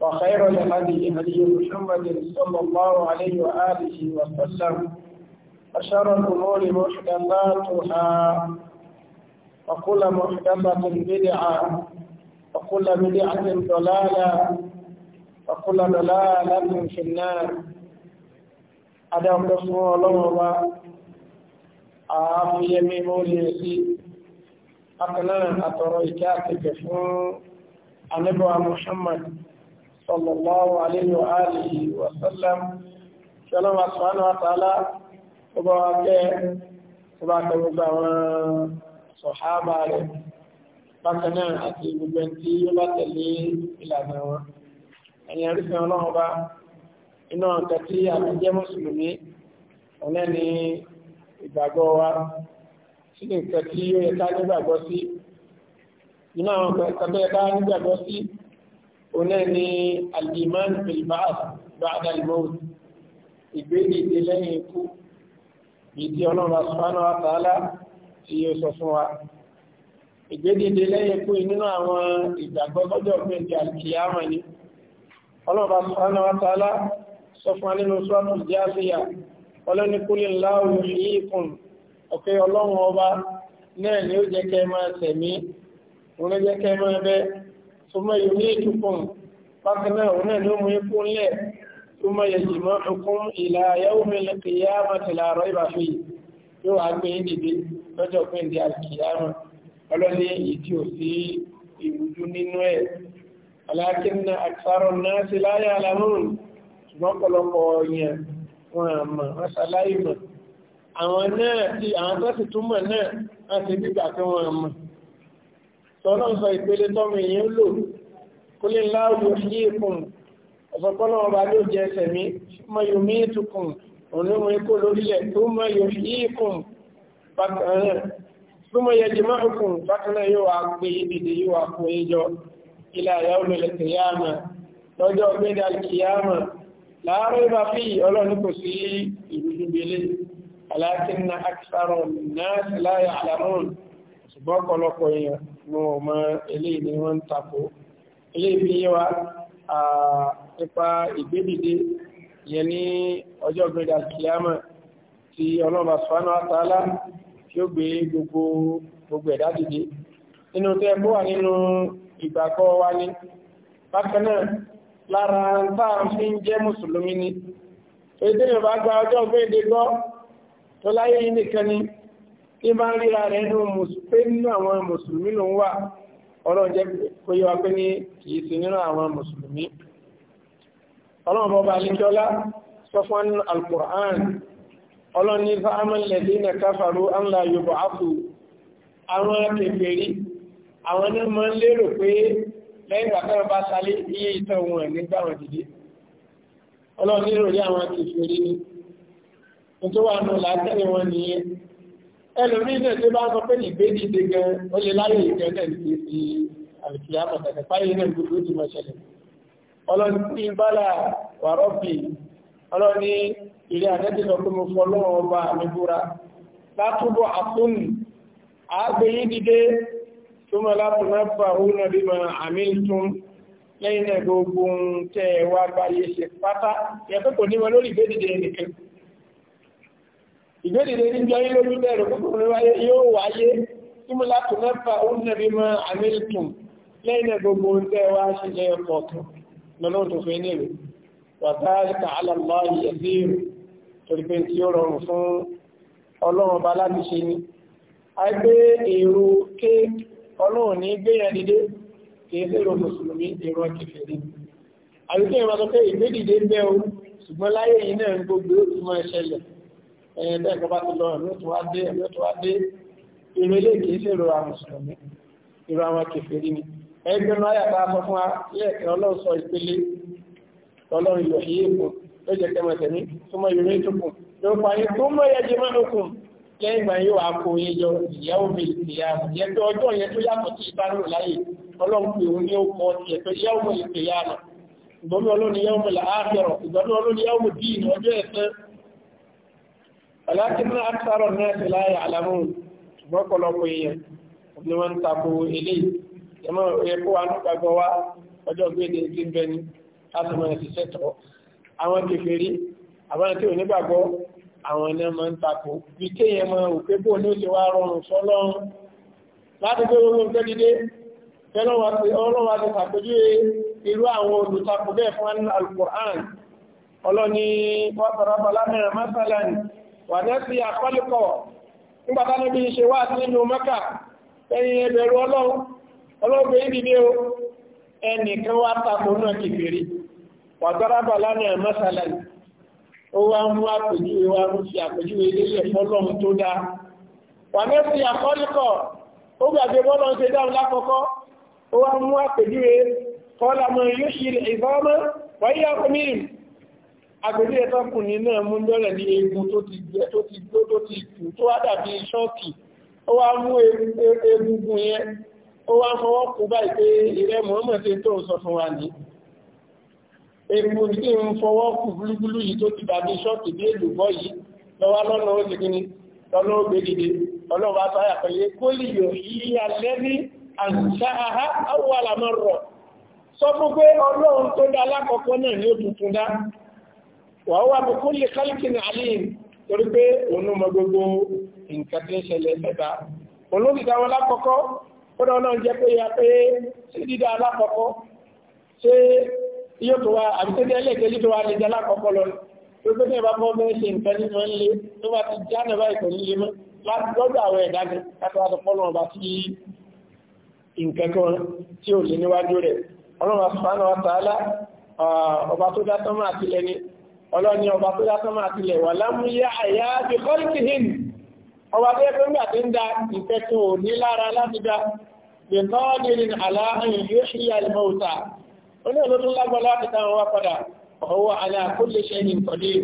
وخير الهدي هدي محمد صلى الله عليه وآله وسلم وشر الأمور محدثاتها وكل محدثة بدعة وكل بدعة ضلالة وكل ضلالة في النار أدعو قسم الله ààfin yẹmí mọ́lẹ̀ sí akọ̀lẹ́rìn àtọ̀rọ̀ ìkẹ́ àtẹ̀kẹ̀ fún anábọ̀wà Muhammad صلى الله عليه وآله وسلم سلام سبحانه وتعالى وبركاته وبركاته وبركاته صحابة عليه bákaná àti gbogbo ẹni tí yóò bá tẹ̀lé ìlànà wọn ẹ̀yìn àrífẹ́ ọlọ́run bá iná ọ̀tẹ̀ tí a ti jẹ́ mùsùlùmí ọ̀nà ni ìgbàgbọ́ wa sí nǹkan tí ó yẹ ká nígbàgbọ́ sí iná ọ̀tẹ̀ tó yẹ ká nígbàgbọ́ sí onáà ní al-iman bil ba'th ba'da al-mawt ìgbéni ìdí lẹ́yìn ikú ìdí ọlọ́run subhanahu wa ta'ala tí yóò sọ fún wa ìgbéni ìdí lẹ́yìn ikú nínú àwọn ìgbàgbọ́ lọ́jọ́ òpin ti al-qiyamah ni ọlọ́run subhanahu wa ta'ala sọ fún wa nínú suratul Jathiyah ọlọ́ni kúlẹ̀ láwùú yíkùn ọ̀kẹ́ ọlọ́run ọba náà ni ó jẹ́ kẹ́ ثم ìwé ìtukùn bákan náà òun náà ló mú ikú ńlẹ̀ súnmọ́ ìyẹ̀jì mọ́ ìkún ìlà yàwó mẹ́lẹ̀ kìyàmà ti láàárọ̀ ìbàfẹ́ yóò wá gbé ní dìde lọ́jọ́ pé ní àkìyàmà ọlọ́ni ìdí ò sí ìrújú nínú ẹ̀ alákínà àkàrọ̀ náà sí láyé alamún ṣùgbọ́n pọ̀lọpọ̀ yẹn wọn àmà wọn àwọn náà tí àwọn tó sì túmọ̀ náà wọn gbígbà pé wọn àmà tọ́nà sọ ìpele tọ́mọ èèyàn lò kó lè láàrú yí ìkùn ọ̀sọ̀pọ̀nà ọba ló jẹ ẹsẹ̀ mi mọ yomi ìtukùn ònúmọ̀ ikú lórílẹ̀ tó mọ yí ìkùn bákan náà tó mọ yẹjì máa kùn bákan náà yóò wá pé ìdìdì yóò wá ṣùgbọ́n ọ̀pọ̀lọpọ̀ èèyàn wọn ò mọ eléyìí ni wọ́n ń tako eléyìí fi yé wa nípa ìgbédìde yẹn ní ọjọ́ gbẹdà kìámà tí ọlọ́ba sùfánà àtàlà tí ó gbé gbogbo gbogbo ẹ̀dá dìde nínú tẹ́ bó wà nínú ìgbàgbọ́ wa ní bákan náà lára táà fi ń jẹ́ mùsùlùmí ni èdè yorùbá ọjọ́ gbẹdẹ tó láyé nìkan ni tí bá ń ríra rẹ̀ nínú àwọn mùsùlùmí ló ń wà ọlọ́run jẹ́ kó yíwa pé ní kìí sí nínú àwọn mùsùlùmí ọlọ́run bọ́ba alíjọ́lá sọ fún alkùrán ọlọ́run ní fáámọ́lẹ̀dé na káfàró ánlá yorùbá ápù àwọn kèfèrí àwọn ní mọ́ lérò pé lẹ́yìn àtẹ́rẹ̀ bá sálé iye ẹlòmí náà tó bá sọ pé ìgbé dìde gan ó lè láyé ìgbé náà ní ti àlùkìyà pàtàkì fáyé náà gbogbo ó ti mọ ṣẹlẹ̀ ọlọ́ni bala wàrọ́bì ọlọ́ni ilé àtẹ́tìsọ pé mo fọ́ lọ́wọ́ ọba mi búra látúbọ̀ àtúnù àgbéyí dìde túnmọ̀ látúnmọ̀ pàrọ̀ náà bí mọ àmì tún lẹ́yìn náà gbogbo tẹ́ wá gbáyé ṣe pátá yẹ ìgbédìde ní jọ yín lójú bẹ̀rẹ̀ gbogbo wáyé yóò wáyé símúlátù mẹ́fà ó nẹ̀bí mọ́ amíltùn lẹ́yìn gbogbo tẹ́ wá ṣíṣe ọ̀tọ̀ lọ́nà tó fi nílò wàtàríkà alàláyé ẹ̀díìrù torí pé tí ó rọrùn fún ọlọ́run bá láti ṣe ni a gbé èrò ké ọlọ́run ní gbéyàn dìde kìí sí èrò mùsùlùmí ṣùgbọ́n láyé yìí náà gbogbo ó ti ẹ̀ẹ́dẹ́gbẹ́ bá ti lọ ẹ̀mí tó wá dé ẹ̀mí tó wá dé ìrò ilé kìí sí ìrora mùsùlùmí ìrò àwọn kèfèrí ni ẹgbẹ́nu ayàtà sọ fún lẹ́ẹ̀kẹ́ ọlọ́run sọ ìpele ọlọ́run ìlò yìí kù ló jẹ́ kẹmọ tẹ̀mí súnmọ́ ìrò ètò kù ló fà yín tó mọ́ ẹ̀yẹ jẹmọ́ ló kù lẹ́yìn ìgbà yóò àpò yín jọ ìyàwó mi ìyá yẹn tó ọjọ́ yẹn tó yàtọ̀ sí ìbá rò láyè ọlọ́run pè òun ní ó kọ ọlọ́run yàwó mi ọjọ́ ẹ̀sán ọ̀làkín náà àtàrọ̀ náà ti láyé àlámù ṣùgbọ́n ọ̀pọ̀lọpọ̀ èèyàn ni wọ́n ń tako eléyìí ẹ̀mọ́ ẹ̀kọ́ wa nígbàgbọ́ wa ọjọ́ gbéde ti ń bẹ ní láti máa ṣiṣẹ́ tọ́ àwọn kèfèrí àwọn tí ò nígbàgbọ́ àwọn ẹ̀nà máa ń tako bí kéèyàn máa wò pé bóun ní ó ti wá rọrùn sọ́lọ́run láti gbé gbogbo nǹkan dídé ọlọ́wà ti sàpèjú irú àwọn olùtakò bẹ́ẹ̀ fún Al-Qur'an ọlọ́ni wọ́n wà náà sí níbi ìṣe wà nínú mẹ́kà ẹ̀yìn ẹbẹ̀rù ọlọ́run ọlọ́gbẹ̀ ìdílé o ẹnìkan wá tako náà kìfèrè wà gbárábà ebe ó wá ń mú àpèjúwe wá ń fi àpèjúwe ilé fọlọ́run tó dáa wà náà ó gbàgbé bọ́lọ́ ṣe dáhùn lákọ̀ọ́kọ́ ó wá ń mú àpèjúwe kọ́lá mọ́ yóò ṣe agbèlé ẹ̀tọ́ kùnrin náà mú lọ́rẹ̀ ní egun tó ti gbẹ tó ti gbó tó ti kù tó wá dàbí ṣọ́ọ̀kì ó wá mú egungun yẹn ó wá fọwọ́ kú báyìí pé ìrẹ́ mọ̀ọ́mọ̀ tí tó ń sọ fún wa ní egun tí ń fọwọ́ kú gúlúgúlú yìí tó ti dàbí ṣọ́ọ̀kì bí èlùbọ́ yìí lọ́wọ́ lọ́nà ó ti kíni lọ́nà ó gbé dìde ọlọ́wọ́ àtàyà pẹ̀lú kólìyò yìí alẹ́ ní àǹṣá àhá àwọn àlàmọ́ rọ̀ sọ fún pé ọlọ́run tó dá alákọ̀ọ́kọ́ náà ní ó tuntun dá wàá wà bí kó lè kálíkì ní alim torí pé òun mọ gbogbo nǹkan tí ń ṣẹlẹ̀ ẹ̀dá òun ló ti dá wọn lákọ̀ọ́kọ́ ó dá wọn náà jẹ́ pé ya pé ṣé dídá alákọ̀ọ́kọ́ ṣé yóò tó wá àbí tẹ́tẹ́ ẹlẹ́kẹ́jì tó wá lè dá alákọ̀ọ́kọ́ lọ gbogbo ní ẹ̀bá fọ́ mẹ́rin nǹkan ní mọ́ lé tó bá ti já náà báyìí kò ní mọ́ láti lọ́dọ̀ àwọn ẹ̀dá ni láti wá tó pọ́nà ọba sí nǹkan kan tí ò lè níwájú rẹ̀ ọlọ́run àfihàn wa tààlà ọba tó dá sánmà àtìlẹ́yìn ọlọ́ni ọba tó dásán máa tilẹ̀ wà lámúyá àyá bí kọ́lìkìhìn ọba tó yẹ pé nígbà tí ń da ìfẹ́tò ní lára láti dá lè tọ́ọ̀dìrín aláhàyìn yóò ṣí àlmọ́ta oní olóòtú lágbọ́ láti táwọn wá padà ọwọ́ aláàkúlé ṣe ní ìkọ̀dé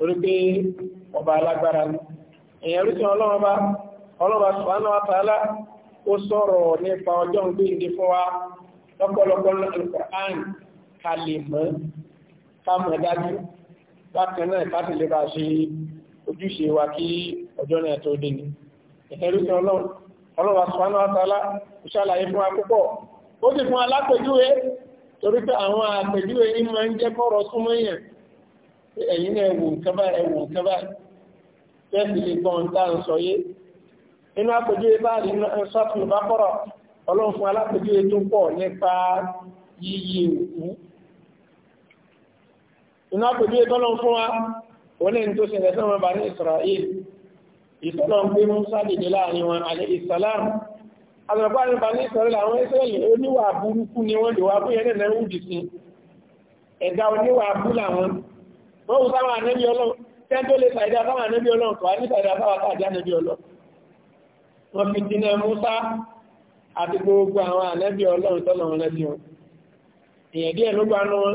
orí pé ọba bákan náà láti lè bá ṣe ojúṣe wa kí ọjọ́ náà tó dé ní ìtẹ́rùsí ọlọ́run ọlọ́wà sọ́nà àtàlá ìṣàlàyé fún akúpọ̀ ó sì fún alápẹjúwe torí pé àwọn àpẹjúwe ní máa ń jẹ́ kọ́rọ̀ súnmọ́ èèyàn ẹ̀yìn náà ẹ̀wù nǹkan báyìí ẹ̀wù nǹkan báyìí fẹ́ẹ̀sì lè gbọ́n tá à ń sọ yé inú àpẹjúwe báyìí ní sọ́tún bá kọ́rọ̀ ọlọ́run fún alápẹjúwe tó pọ̀ nípa yíyí òkú iná pẹ̀lú ìtọ́lọ̀ fún wa wọ́n ní tó ṣẹlẹ̀ sọ́wọ́n bá ní Israel ìtọ́lọ̀ ń pè mú sáàdìdì láàrin wọn alẹ́ ìsàlám alọ́pàá ní bá ní Israel àwọn Israel oníwà burúkú ni wọ́n lè wá fún yẹn nẹ̀ wùdì sí ẹ̀dá oníwà bú làwọn wọ́n wù sáwọn ànẹ́bí ọlọ́ tẹ́ntó lè sàìdá sáwọn ànẹ́bí ọlọ́ tó wá ní sàìdá sáwọn káàdì ànẹ́bí ọlọ́ wọ́n fi dínà Musa àti gbogbo àwọn ànẹ́bí ọlọ́ ìtọ́lọ̀ wọn lẹ́bí wọn èèyàn díẹ̀ ló gbanú wọn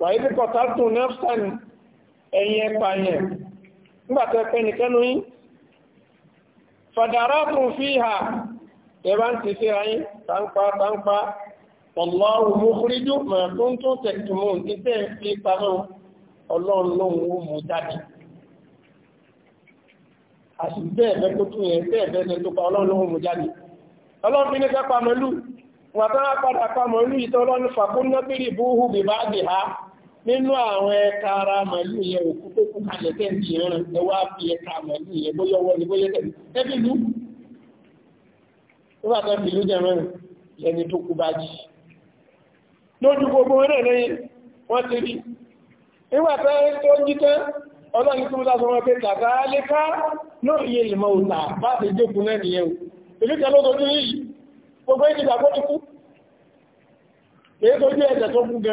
wàídí kọ̀tàtù nẹ́fṣàn ẹ̀yìn ẹ̀pàyẹ̀ nígbàtẹ́ pé nìkẹ́nu yí fàdàrọ́kùn fi hà ẹ̀bá ń ti síra yí tánpá tánpá Allahu mukhrijum ma kuntum taktumun títẹ́ fi pamọ́ ọlọ́run lóhun ó mú jáde àti bẹ́ẹ̀ bẹ́ẹ̀ ọlọ́run fi ní fẹ́ pamọ́ lù wàtá padà pamọ́ lù ìtọ́ ọlọ́run fàkúnná bìbá bìhá nínú àwọn ẹ̀ka ara màálù yẹn òkú tó kú kalẹ̀ tẹ́ǹtì rán ẹ wá fi ẹ̀ka màálù yẹn bóyá ọwọ́ ni bóyá tẹ̀lé ẹbí lú nígbà tó fi lú jẹun rẹ̀ ẹni tó kú bá jì lójú gbogbo rẹ̀ lẹ́yìn wọ́n ti rí nígbà tó ń tó jí tán ọlọ́run tó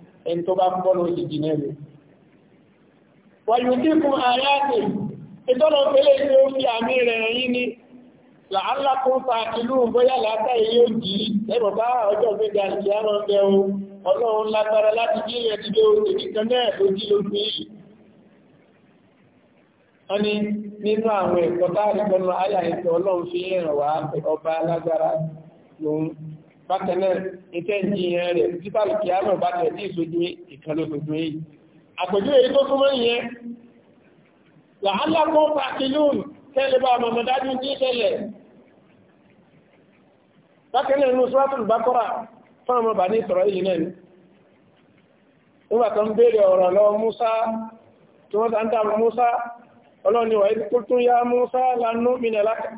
ẹni tó bá ń bọ́ lórí ìjì náà rẹ̀. wàyù tí fún àyáàtì ìtọ́nà pẹ̀lẹ́ tí ó fi àmì rẹ̀ yí ni làálà kó fa ìlú bóyá látà ilé òjì ẹgbẹ̀ bá ọjọ́ pé ga o ọlọ́run lágbára láti jí rẹ̀ ti dé oṣù nìkan náà tó jí lóṣù yìí. wọ́n ní nínú àwọn ẹ̀kọ́ táàrí pẹ̀lú àyà ìtọ́ ọlọ́run fi hàn wá ọba alágbára lòun bákanáà ìtẹ́ ìjìyàn rẹ̀ títàlù kí á mọ̀ bá tẹ̀ sí ìsojú ìkànlógógún èyí àpèjú èyí tó túnmọ́ ìyẹn làálàkọ́ pàkìlún tẹ́lẹ̀bà mọ̀mọ̀dájú ní ìṣẹ̀lẹ̀ bákanáà inú sọ́tùlù bá kọ́ra fún ọmọ bà ní ìsọ̀rọ̀ yìí náà nígbà tó ń béèrè ọ̀rọ̀ lọ́wọ́ Musa tí wọ́n ta ń dààmú Musa ọlọ́ni wà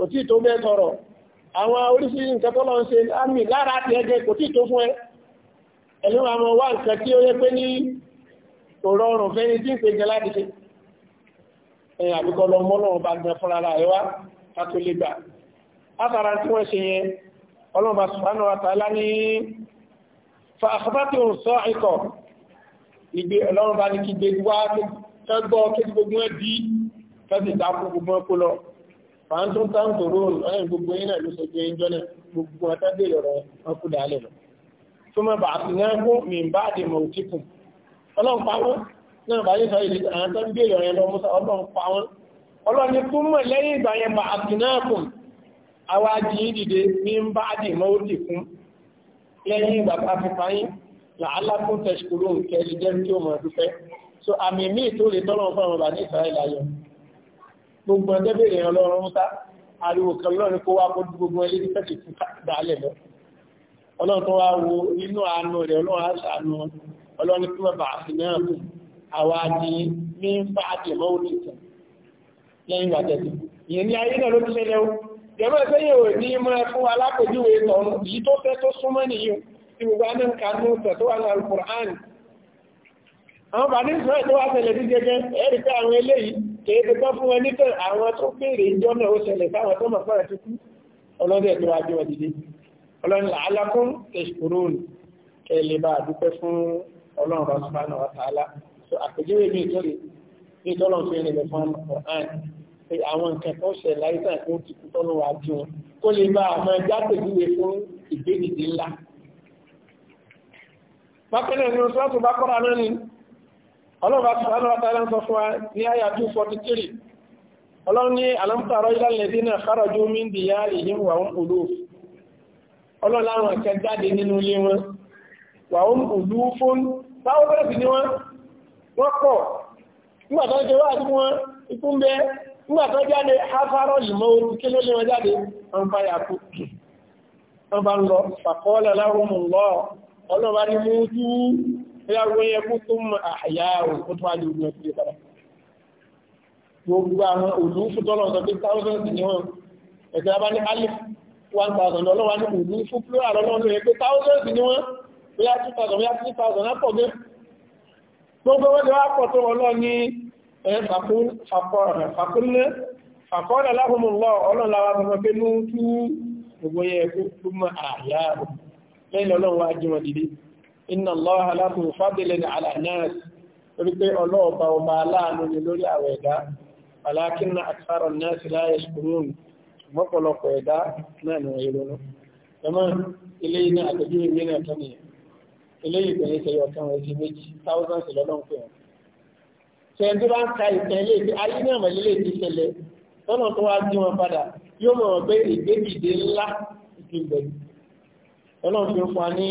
kò tí tó bẹ́ tọrọ àwọn oríṣiríṣi nǹkan tó lọ ń ṣe àmì lára ti ẹgbẹ́ kò tí tó fún ẹ ẹ̀lú àwọn wá nǹkan tí ó yẹ pé ní kò rọrùn fẹ́ni tí ń pè jẹ láti ṣe ẹ̀yìn àbíkọ́ lọ mọ́ lọ́wọ́ bá gbẹ fúnra rẹ̀ wá ká lè gbà látara tí wọ́n ṣe yẹn ọlọ́run bá subhanahu ní fa àkọ́bátì òun sọ ikọ̀ ìgbé ọlọ́run bá ní kí gbé wá kẹ́gbọ́ kí gbogbo ẹ̀ bí kẹ́sì fàántún táǹtò róòlù ọ̀yìn gbogbo yín náà ló sọ pé ìjọ náà gbogbo ọ̀tádé lọ́rọ̀ wọn kú dálẹ̀ lọ. tó máa bà á sí náà kó mi bá àdè mọ̀ òtí kù. ọlọ́run pa wọ́n náà bá yẹ sọ èdè àwọn tó ń béèrè ọ̀yìn lọ mọ́sá ọlọ́run pa wọ́n. ọlọ́run ni kún mọ̀ lẹ́yìn ìgbà yẹn bà á sí náà kù. àwa jì í dìde mi bá àdè mọ́ òtí kún. lẹ́yìn ìgbà gbogbo ẹgbẹ́ bèèrè ọlọ́run ta ariwo kan lọ́rin kó wá kó gbogbo ẹlé tẹ́kì fún dálẹ̀ lọ ọlọ́run tó wá wo nínú àánú rẹ̀ ọlọ́run aṣàánú ọlọ́run tó bàbà àti náà kù àwa ni ní bá àti ẹ̀mọ́ òní ìtàn lẹ́yìn ìgbà tẹ̀sí ìyẹn ní ayé náà ló ti ṣẹlẹ̀ o jẹ́mọ́ ẹgbẹ́ yìí ò ní mọ́ ẹ fún alákòjúwe tọ̀run yìí tó fẹ́ tó súnmọ́ nìyí tí gbogbo àná ń kanú tẹ̀ tó wà ní alukur'an àwọn bàdé ìsọ̀rọ̀ tó wà ṣẹlẹ̀ dídẹ́gẹ́ ẹ̀rí pé àwọn eléyìí kéèké tó fún wọn nítọ̀ àwọn tó béèrè ìjọ náà ó ṣẹlẹ̀ fáwọn tó mọ̀ fọ́rẹ̀ tó kú ọlọ́dẹ̀ tó wájú wọn dìde ọlọ́run alákún tẹ̀sùkúrún kẹlẹ̀ bá dúpẹ́ fún ọlọ́run bá sùpá náà so àpèjúwe mi ìtòrè bí tọ́lọ́n fi rìnlẹ̀ fún ọ̀hán pé àwọn nǹkan tó ṣẹ̀ láìsàn tó ti kú tọ́lọ́ wá ju wọn kó lè bá àmọ́ ẹja ni ọlọ́run sọ fún wa ní àyà 243 ọlọ́run ní alamtàrọ ilẹ̀lẹ́dínà kharaju min diyarihim wa hum uluf ọlọ́run láwọn ẹ̀kẹ́ jáde nínú ilé wọn wa hum ulufun táwọn bẹ̀rẹ̀ sí ní wọn wọ́n pọ̀ nígbàtọ́ jẹ́ wá sí wọn ikú ń bẹ nígbàtọ́ jáde afárọ̀ ìmọ̀ orí kí ló lé wọn jáde wọn bá yà ń lọ faqala lahum Allah ọlọ́run bá ní mú ẹ̀yàwó yẹ kó tó mọ àyà òkú tó wájú ogun ẹ̀kú ìpadà gbogbo àwọn olùfún tọ́lọ̀ sọ pé thousands ni wọ́n ẹ̀sẹ̀ abá ní alif one thousand ọlọ́wà ní olùfún plural ọlọ́wà ní pé thousands ni wọ́n bóyá two thousand bóyá three thousand á pọ̀ gẹ́ gbogbo wọn ti wá pọ̀ tó ọlọ́ ní fàkúnlé fàkọ́ọ̀dà láhùnmùlọ́ ọlọ́run láwa sọ pé ló ń tú gbogbo yẹ kó tó mọ àyà lẹ́yìn ọlọ́run wá jí wọn dìde inna Allaha lahu fadlan ala an-nas torí pé ọlọ́ọ̀bá ọba aláàánú ni lórí àwọ̀ ẹ̀dá alákínà akthara an-nas la yashkurun mọ́pọ̀lọpọ̀ ẹ̀dá náà ni wọ́n ronú ẹmọ́ ilé iná àtọ́jú ìwé náà tán nìyẹn ilé ìpẹ̀lẹ̀ ìṣẹ̀yọ̀ kan wọ́n ti méjì thousands lọ́dún pé wọn. sẹ́ńtì bá ń ka ìtàn ilé tó wá bí wọn padà yóò mọ̀ pé ìgbébìdé ńlá ti bẹ̀rù fi ń fún ní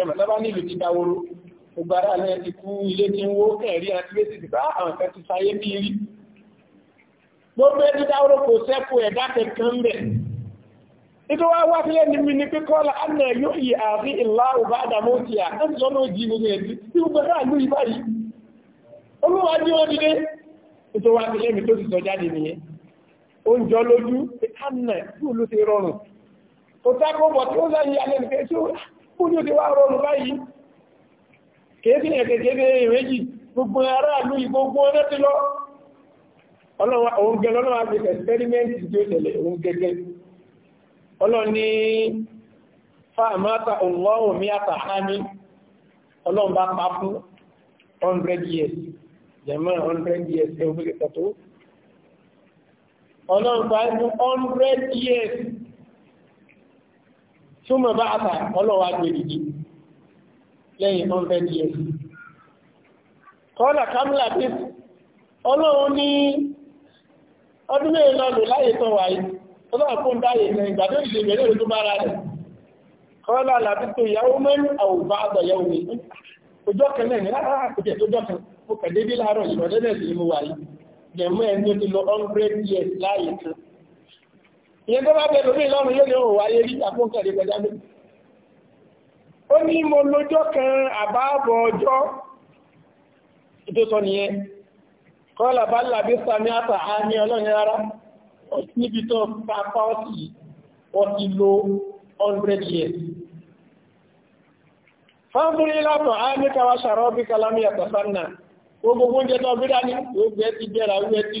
ẹmọ̀ lọ́bá nílùú ti dáwóró gbogbo ara rẹ̀ ti kú ilé tí ń wó kẹ̀rí àti lé ti bá àwọn kan ti sáyé bí rí gbogbo ẹni dáwóró kò sẹ́kù ẹ̀dá kankan bẹ̀ nítorí wá wá sílẹ̀ ní mi ní pé kọ́lá àmì ẹ̀ yóò yí àbí ìlà òbá àdàmú ti à láti lọ́nà òjì nínú ẹ̀dí tí gbogbo náà lú ibà yìí olúwa ní wọ́n dìde nítorí wá sílẹ̀ mi tó ti sọ jáde nìyẹn oúnjẹ lójú àmì ẹ̀ yóò ló ti rọrùn kò sákòbọ̀ tí ó sẹ́yìn alẹ́ nìkan tí ó kú ní òde wá rọrùn báyìí kéèké ẹ̀kẹ́kẹ́ ìrẹ́jì gbogbo ará ìlú ìgbogbo ọdẹ́ ti lọ òun gẹ lọ́nà àti ẹ̀sìpẹ́rímẹ́ntì tí ó tẹ̀lẹ̀ òun gẹ́gẹ́ ọlọ́run mi ọlọ́run bá pa fún years jẹ́mọ́ 100 years ẹ̀wọ̀n fẹ́kẹ́ tọ́tọ́ ọlọ́run bá 100 years súnmọ̀ bá àbà ọlọ́wà gbèrìgì lẹ́yìn 100 years kọ́lá kamla pip ọlọ́run ní ọdún mẹ́rin lọ́lù láyé tán wáyé ọlọ́run fún dáyé ní ìgbàdó ìlú rẹ̀ kọ́lá ìyàwó mẹ́rin ní ọjọ́ kẹ́lẹ̀ ní láàárá àkùtẹ̀ tó jọ́kan ó kẹ̀dé bí láàárọ̀ ìyẹn tó bá bẹ lómi lọ́rùn yóò ní òun wáyé rí àfúnkẹ̀rẹ́ kọjá lé ó ní mo lójọ́ kan àbáàbọ̀ ọjọ́ ìtòsọ nìyẹn kọ́lá bá làbí sami àtà á ní ọlọ́rin rárá níbi tó pápá ọ̀sì ọ̀sì lo 100 years fáńbúrí látọ̀ á ní káwà bí kalámi àtàsánà gbogbo oúnjẹ tó bí dání yóò gbé ti jẹ́ra wúwẹ́ ti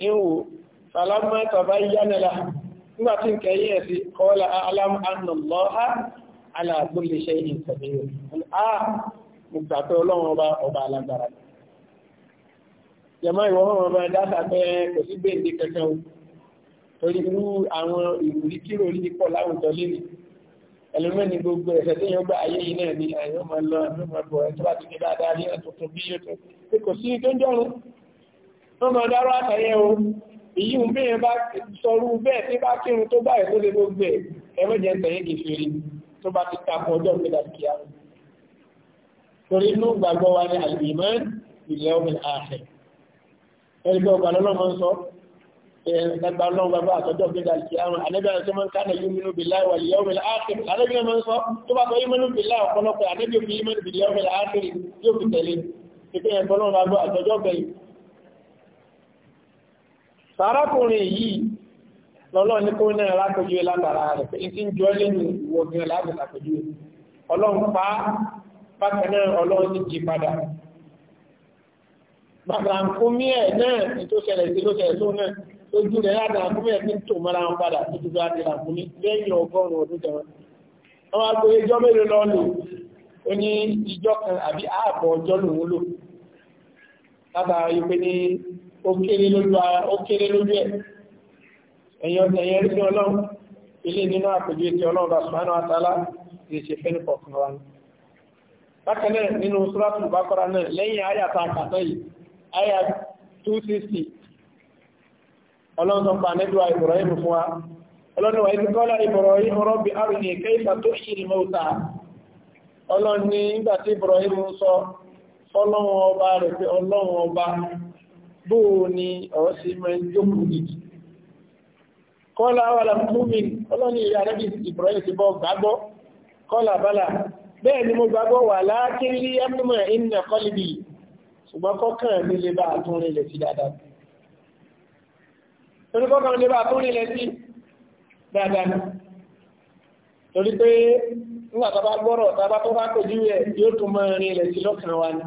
ìwò salama tabayyana la nígbà tí nǹkan yí ẹ̀ sí kọ́lá alam anna Allaha ala kulli shay'in qadir a nígbà pé ọlọ́run ọba ọba alágbára jẹmọ́ ìwọ̀n ọmọ ọba dáta pé kò sí gbèǹde kankan o torí irú àwọn ìwúrí kíró orí pọ̀ láwùjọ lónìí ẹlòmẹ́ni gbogbo ẹ̀sẹ̀ tí yóò gbà ayé yìí náà ni àyè wọ́n mọ̀ dáró àtàyẹ o èyí ń bẹ́ẹ̀ bá sọrú bẹ́ẹ̀ tí bá kírun tó báyìí tó lè ló gbẹ̀ ẹ̀mẹ́jẹ̀ ń tẹ̀yẹ́ kìfìrí tó bá ti tapọ̀ ọjọ́ ìgbéga kíá torí inú gbàgbọ́ wa ní àlùmọ́ ilẹ̀ omi ààrẹ ẹgbẹ́ ọgbà lọ́nà ń sọ ẹgbà lọ́nà gbàgbọ́ àtọ́jọ́ ìgbéga kíá wọn àlẹ́bí àti ọmọ nǹkan yìí mímú bìlá wà ilẹ̀ omi ààrẹ àlẹ́bí ọmọ ń sọ tó bá sọ yìí mímú bìlá ọ̀pọ̀lọpọ̀ àlẹ́bí òfin yìí mímú bìlá omi ààrẹ yóò fi tẹ̀lé ìpínlẹ̀ ìpínlẹ̀ sárákùnrin yìí lọ́lọ́ ní kó náà lápẹjú látara rẹ̀ pé tí ń jọ lẹ́nu ìwọ̀gbìn láti lápẹjú ọlọ́run pa bákan náà ọlọ́run ti jí padà bàbàǹkúmí ẹ̀ náà tó ṣẹlẹ̀ sí ló ṣẹlẹ̀ tó náà ojú rẹ̀ àdàǹkúmí ẹ̀ tí ń tò mọ́ra ń padà tó ti gbá àdàǹkúmí ó kéré lójú ara ó lójú ẹ̀ ẹ̀yọ́ ẹ̀yẹ rí sí ọlọ́run ilé nínú àpèjú ti ọlọ́run bá sùmánù àtàlá ti ṣe fẹ́ nípa ọ̀kan wa bákan nínú sùràtù ya náà lẹ́yìn a àyà 260 ọlọ́run tó ń pa fún wa ọlọ́run wà ní bóò ni ọ̀rọ̀ sí mẹ́rin jókòó nìyí kọ́lá wàlà múmi ọlọ́ni ìyá rẹ́bí ìbúrọ́yìn ti bọ́ gbàgbọ́ kọ́lá bálà bẹ́ẹ̀ ni mo gbàgbọ́ wà láti rí ẹ́mùmọ̀ ìnà kọ́lìbì ṣùgbọ́n kọ́kàn mi lè bá àtún rinlẹ̀ sí dáadáa torí kọ́kàn mi lè bá àtún rinlẹ̀ sí dáadáa torí pé nígbà tó bá gbọ́rọ̀ tá a bá tó bá kojú rẹ̀ yóò tún mọ́ rinlẹ̀ sí lọ́kàn wa ni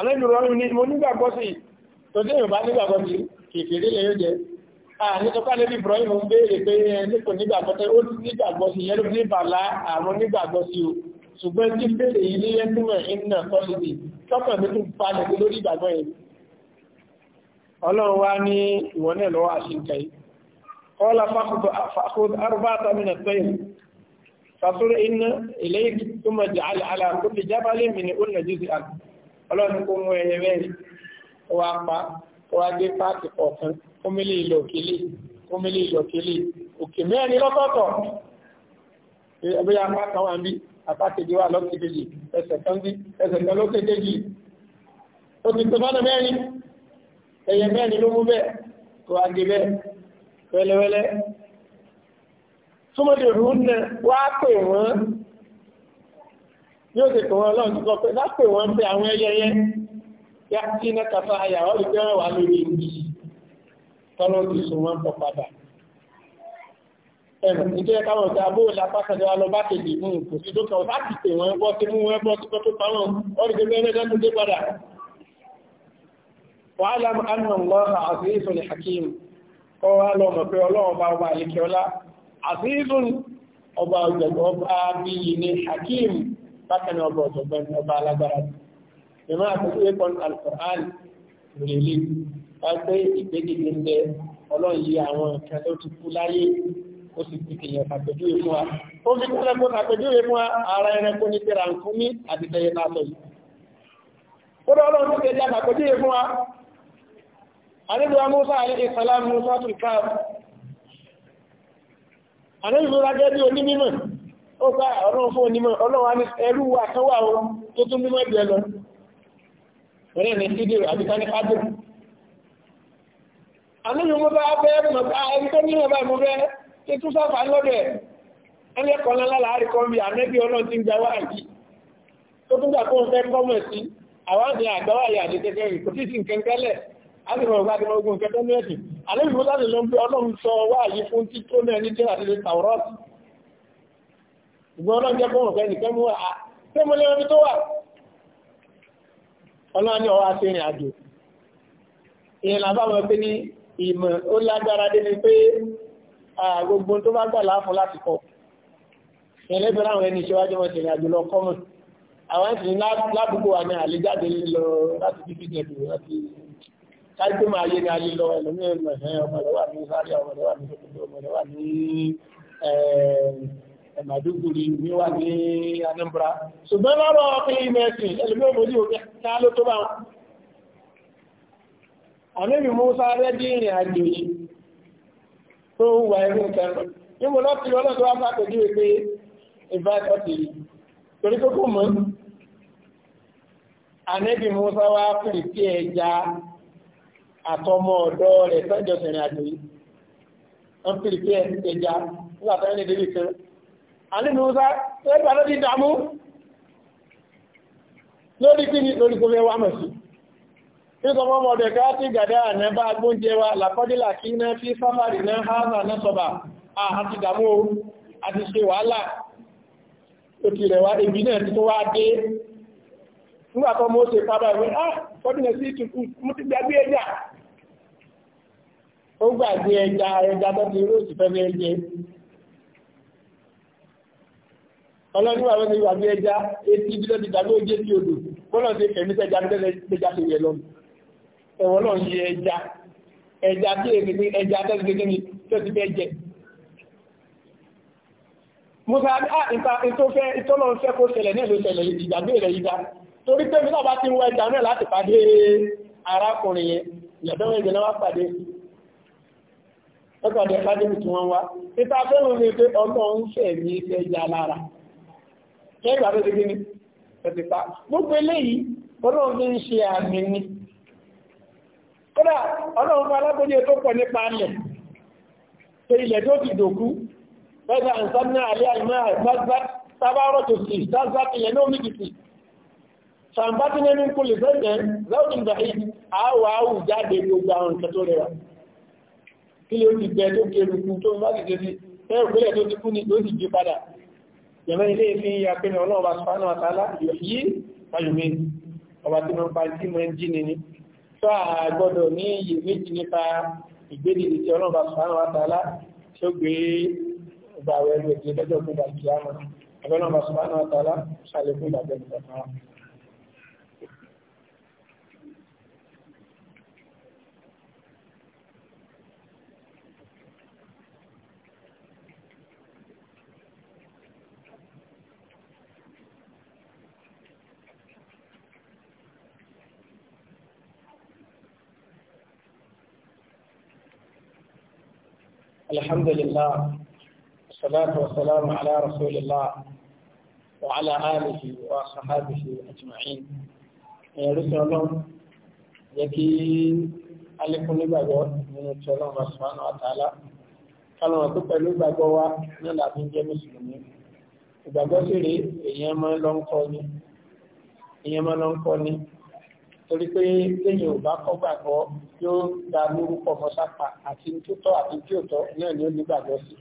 alẹ́nu rọrùn ní mo nígbàgbọ́ sí tó dé yorùbá nígbàgbọ́ sí kèfèrè lè yóò jẹ́ àníkọ́kọ́ lè bí Ibrahim ń béèrè pé nípò nígbàgbọ́ tẹ́ ó nígbàgbọ́ sí yẹ́rù ní bàlá àwọn nígbàgbọ́ sí o ṣùgbọ́n tí béèrè yìí ní yẹ́túmọ̀ ìnà kọ́sìtì tọ́kàn mi tún balẹ̀ sí lórí ìgbàgbọ́ yẹn ọlọ́run wá ní ìwọ̀n náà lọ́wọ́ àṣìǹkà iná ilé ìtumọ̀ jẹ́ àlẹ́ àlẹ́ mi ní ó nà jù sí àkókò ọlọ́run kó mú ẹyẹ mẹ́rin ó wá pa ó wá gbé páàkì kọ̀ọ̀kan kómìlì ìlò òkèlè kómìlì ìlò òkèlè òkè mẹ́rin lọ́tọ̀ọ̀tọ̀ ẹgbẹ́ apá kan wà níbí apá kejì wà lọ́kè kejì ẹsẹ̀ kan bí ẹsẹ̀ kan lókè kejì fọ́nà mẹ́rin ẹyẹ mẹ́rin ló mú bẹ́ẹ̀ kó wá gbé bẹ́ẹ̀ wẹ́lẹ́wẹ́lẹ́ súnmọ́dé rúnà bí ó ti kàn wọn lọ́nà nke pé àwọn ẹyẹyẹ yá kí iná kàfà àyà ọ́ lè fẹ́ wà lórí ìlú tọ́lọ́ ti sùn wọn pọ̀ padà ẹ̀rọ nítorí káwọn ọ̀tá abóhùn lápákàdé wa lọ bá kejì mú kò sí tó kàn láti pè bọ́ sí mú bọ́ sí tó hakim kọ́ wá lọ mọ̀ pé ọlọ́run bá ọlá ọba bákan ọba ọ̀tọ̀gbọ́n ní ọba alágbára ìmọ̀ àkókò ẹ̀kọ́ alukur'an rèlé wá pé ìgbédìde ń bẹ ọlọ́run yìí àwọn nǹkan tó ti kú láyé ó sì ti kìyàn kàpẹ́júwe fún wa ó fi kọ́lẹ̀ kó kàpẹ́júwe fún wa ara ẹranko ní tẹ̀ra nǹkan ní àtìtẹ́yẹ náà sọ yìí ó lọ ọlọ́run ti tẹ̀já kàpẹ́júwe fún wa àdébíwá musa àlẹ́ ìsàlámù musa tùkà àdébíwá gẹ́gẹ́ bí onímọ̀ Ọ ga ọlọ́run fún onímọ̀ ọlọ́wà ní ẹrú wa kan wà tó tún mímọ̀ ìbẹ̀ lọ rẹ̀ ní kídìrì àbíká ní kábìrì àmúlò mo bá bẹ́ mọ̀ bá ẹni tó ní mo bẹ́ tó tún sáfà lọ́dẹ̀ ẹni ẹ̀kọ́ ńlá láàárín kan bí ọlọ́run ti ń gba yìí tó tún gbà fún kọ́mọ̀ sí àwọn ṣùgbọ́n ọlọ́run jẹ́ fún ọ̀fẹ́ nìkan mú wa ṣé mo lè rí tó wà ọlọ́run ní ọwọ́ àti ìrìn àjò ìyẹn làbáwọn pé ní ìmọ̀ ó lágbára dé ni pé gbogbo tó bá gbà láàfún láti kọ́ ìyẹn lẹ́bẹ̀rẹ̀ àwọn ẹni ìṣẹ́wájú wọn ti rìn àjò lọ kọ́mọ̀ àwọn ẹ̀sìn ládùúgbò wa ní àlejáde lọ láti bíbí jẹ̀dù láti kájú máa yé ní alé lọ ẹlòmíràn ọmọ rẹ wà ní sáré ọmọ rẹ wà ní Maiduguri ní wà ní Anambra ṣùgbọ́n lọ́rọ̀ pé ilẹ̀ ẹ̀sìn ẹlùmí òmòdí òkè ká ló tó bá wọn àmìbì Musa rẹ́dí ìrìn àjò yìí tó wà ẹ̀rù ìtẹ́rù ní mo lọ́pì ọlọ́dọ̀ wá bá pẹ̀lú pé ìbáṣọ́ ti rí torí tó kò mọ́ àmìbì Musa wá pẹ̀lú sí ẹja àtọmọ ọ̀dọ́ rẹ̀ sọ́jọ́sìn ìrìn àjò yìí wọ́n pẹ̀lú sí ẹja nígbà tó ń àníbi musa ẹgbẹ́ ló ti dààmú lórí kí ni lórí kòfẹ́ wà mọ̀ sí nígbà mọ́ mọ̀ dẹ̀ká tí gàdá ànẹ́bá agbóúnjẹ wa làkọ́dílà kí iná fi sáfàrì náà hánà náà sọba àti dààmú àti ṣe wàhálà òkè rẹ̀ ah fọ́dínà sí ìtùkù mú ti gbàgbé ẹja ó gbàgbé ẹja ẹja tó ọlọ́run àwọn ẹni ìwàgbé ẹja etí bí lọ́dí ìdàgbé ojú sí odò bọ́lọ̀ sí kẹ̀mí sẹ́jà lẹ́jà tó yẹ lọ́nà ẹ̀wọ̀n náà yẹ ẹja ẹja tí èmi ní ẹja tẹ́lẹ̀ gẹ́gẹ́ ni tó ti fẹ́ jẹ. musa a nípa ìtọ́fẹ́ ìtọ́lọ́ fẹ́ kó ṣẹlẹ̀ náà ló ṣẹlẹ̀ ìdàgbé rẹ̀ yíga torí pé mi náà bá ti wọ ẹja náà láti pàdé arákùnrin yẹn ìyàdọ́ Ọkọ̀ ọ̀dẹ̀ ìpàdé mi tí wọ́n wá. Ìta fẹ́ràn mi pé ọlọ́run fẹ̀ mí ẹja lára ṣé ìgbà tó ti gbé ní ẹ̀sìn ni kódà ọlọ́run fún alágbóyè tó pọ̀ nípa alẹ̀ pé ilẹ̀ tó ti dòkú fẹ́ta ìsọ́nà alẹ́ àìmọ́ àìsọ́gbá sábárọ̀ tó sì sáàsá ilẹ̀ náà ní kìtì ṣàǹbá tí nínú kú lè fẹ́ẹ̀kẹ́ lọ́dún ìgbàhí àwọ̀ àwù jáde gbogbo àwọn ìyẹ̀mẹ́ ilé fi ya pé ní ọlọ́ọ̀bá sọ́nà àtàlá yìí pàjùmí ọba tí wọ́n pa tí mọ́ ń jí ni ni tó àgbọ́dọ̀ ní iye méjì nípa ìgbédìdì tí ọlọ́ọ̀bá sọ́nà àtàlá tí ó gbé ìgbà rẹ̀ lóògbé lọ́jọ́ gbé الحمد لله والصلاة والسلام على رسول الله وعلى آله وصحابه أجمعين يا رسول الله يكي alẹ́kùn nígbàgbọ́ nínú tí ọlọ́run subhanahu wa ta'ala kálọ̀ tó pẹ̀lú ìgbàgbọ́ wa náà láti ń jẹ́ mùsùlùmí ìgbàgbọ́ sì rèé èèyàn máa ń lọ ń kọ́ ni èèyàn máa ń lọ ń kọ́ ni torí pé lẹ́yìn ọba kọ́ gbàgbọ́ yóò da lórúkọ mọ́sápà àti tó tọ́ àti tí ò tọ́ náà ni ó ní gbàgbọ́ sí.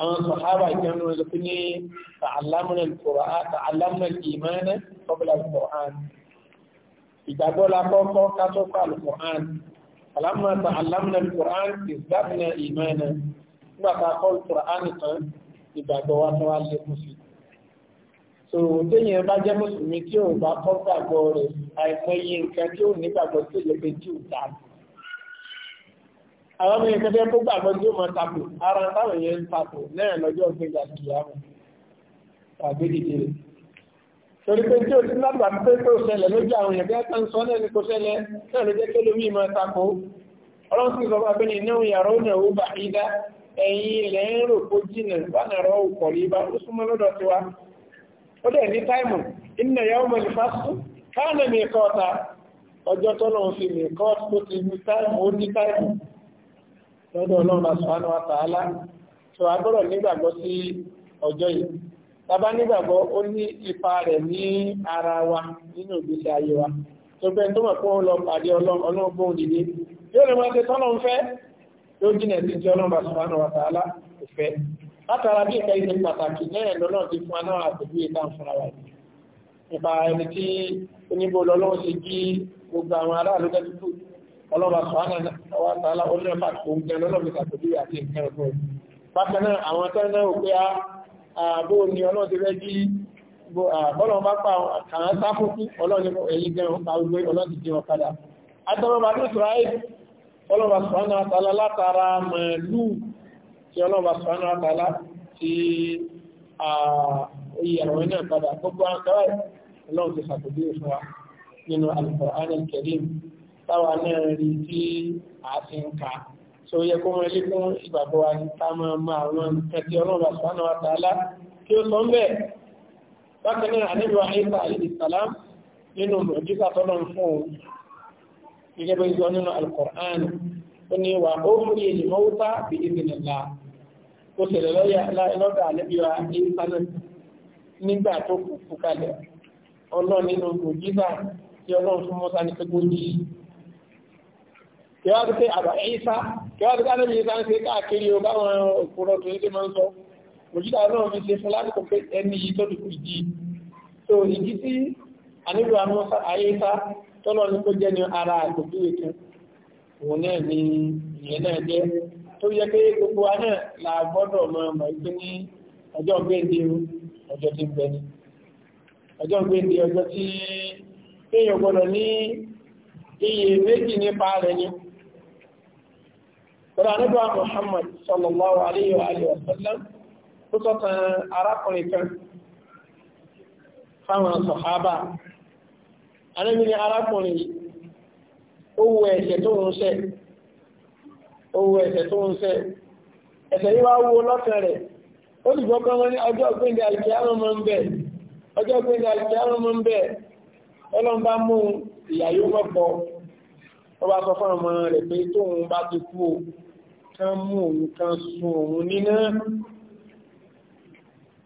àwọn sọ̀hábà ìjọba ló fi ní ta'allamna al-Qur'an ta'allamna al-imana qabla al-Qur'an. ìgbàgbọ́ la kọ́kọ́ ká tó kọ́ al-Qur'an alamma ta'allamna al-Qur'an izdadna imana nígbà tá a kọ́ al-Qur'an tán ìgbàgbọ́ wa tó wá lékún sí i so téèyàn bá jẹ́ mùsùlùmí tí ò bá kọ́ gbàgbọ́ rẹ̀ àìmọ̀ iye nǹkan tí ò ní gbàgbọ́ tí ò yẹ pé tí ta àwọn ọmọ yẹn kó gbàgbọ́ tí ó mọ tapò ara táwọn yẹn ń tapò náà lọ́jọ́ gbéga kìyàmù tàbí dìde rẹ̀ torí pé tí o ti lágbà pé kó ṣẹlẹ̀ lójú àwọn èèyàn bí a tán sọ náà kó ṣẹlẹ̀ náà ló jẹ́ kí lómi ìmọ̀ tako ọlọ́run sì sọ fún ó dẹ̀ ní táìmù inna yawmal fasl káàlẹ̀ mi kọ́ta ọjọ́ tọ́lọ̀ fi mi kọ́ tó ti ní táìmù ó ní táìmù lọ́dọ̀ ọlọ́run subhanahu wa ta'ala tó a gbọ́dọ̀ nígbàgbọ́ sí ọjọ́ yìí tàbá nígbàgbọ́ ó ní ipa rẹ̀ ní ara wa nínú ìgbésí ayé wa ti ọlọ́run subhanahu wa ta'ala látara bí ìka ìṣe pàtàkì náà lọ́nà ti fún aná àtẹ̀jú ìta fúnra wa yìí nípa ẹni tí oníbo lọ́lọ́wọ́ ṣe jí gbogbo àwọn aráàlú gẹ́gẹ́ tó ọlọ́ba sọ̀hánà wa tààlà ọdún ẹ̀fà tó ń jẹ lọ́nà mi ṣàpèjú àti nǹkan ẹ̀fọ́ bákan náà àwọn tẹ́lẹ̀ náà pé ààbò ni ọlọ́run ti fẹ́ jí bọ́lọ̀ bá pa àwọn sáfúnkú ọlọ́run ẹ̀yìn gẹ̀rùn pa gbogbo ọlọ́run ti jí wọn padà àtọ́rọ̀ bàbá ìsúráì ọlọ́ba sọ̀hánà wa tààlà tí ọlọ́ọ̀bá sọ́nà àtàlá tí oyè àwọn náà padà gbogbo àkàrà ọlọ́run ti sàkójú fún wa nínú Al-Qur'an táwa náà rí tí a ti ń ka so yẹ kó wọn lé fún ìgbàgbọ́ wa ká máa mọ àwọn nǹkan tí ọlọ́ọ̀bá sọ́nà àtàlá kí ó sọ ń bẹ̀ bákan náà àníwá Ìsá alayhi nínú mọ̀jísà ó ní wà ó fúri èlì mọ́wútá bí ìdìnnìlá ó ṣẹlẹ̀ lọ́dọ̀ àlẹ́bíra ní sálẹ̀ nígbà tó kù kalẹ̀ ọlọ́run nínú gògíza tí ọlọ́run fún mọ́sá ní pẹ́gbó ní kí wá ti pé àbà ẹ̀yíṣá kí wá ti ká lẹ́bí ìṣá ń ṣe káàkiri o báwọn òkúrọ̀ tó ń so ìdí tí àníbìrà mọ́sá ayéṣá tọ́lọ́ ní kó jẹ́ ní ara àgbògbé kan òun náà ni ìyẹn náà jẹ́ tó yẹ pé gbogbo wa náà la gbọdọ mọ ọmọ ìpín ní ọjọ́ ọjọọ ọjọ́ tí ń bẹ ni ọjọ́ gbéǹde ọjọ́ tí kéèyàn gbọ́dọ̀ ní iye méjì nípa ni pẹ̀lú àníbà Muhammad sallallahu alayhi wa sallam tó sọ́tàn arákùnrin kan fáwọn anábìnrin arákùnrin yìí owó ẹ̀ṣẹ̀ tó ń ṣẹ̀ owó ẹ̀ṣẹ̀ tó ń ṣẹ̀ ẹ̀ṣẹ̀ yíwá owó lọ́fẹ̀ rẹ̀ ó sì gbọ́kọ́ wọn ní ọjọ́ ìpínlẹ̀ alìkíyàmọ́ mọ́ ń bẹ̀ ọjọ́ ìpínlẹ̀ alìkíyàmọ́ mọ́ ń bẹ̀ ọlọ́run mú ìyàyó mọ́pọ̀ ó bá sọ fún ọmọ rẹ̀ pé tóun bá ti kú o kan mú òun kan sun òun níná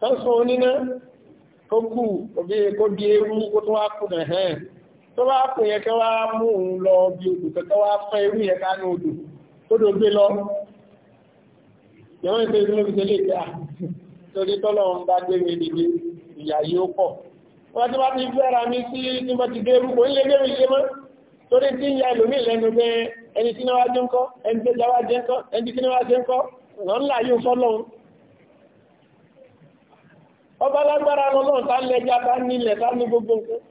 kan sun òun níná kó kú òbí kó di ewu kó tún wá kú nàá tó bá kò yẹ kẹ́ wá mú òun lọ bí odò kẹ́kẹ́ wá fẹ́ irú yẹ ká ní odò tó dò gbé lọ ìwọ́n ìpè ìlú lóbi tẹ́lẹ̀ gbà torí tọ́lọ̀ ń bá gbé mi dìde ìyà yìí ó pọ̀ wọ́n ti bá ti fẹ́ra mi sí ní bá ti dé rúkọ ilé gbé mi ṣe mọ́ torí tí ń ya ẹlòmíì lẹ́nu pé ẹni tí náà wá jẹ́ ńkọ́ ẹni tí náà wá jẹ́ ńkọ́ ẹni tí náà wá jẹ́ ńkọ́ ọ̀nà ńlá yóò fọ́lọ́run ọba lágbára lọ́lọ́run tá ń lẹ́jà tá ń nílẹ̀ tá ń ní gbogbo nǹkan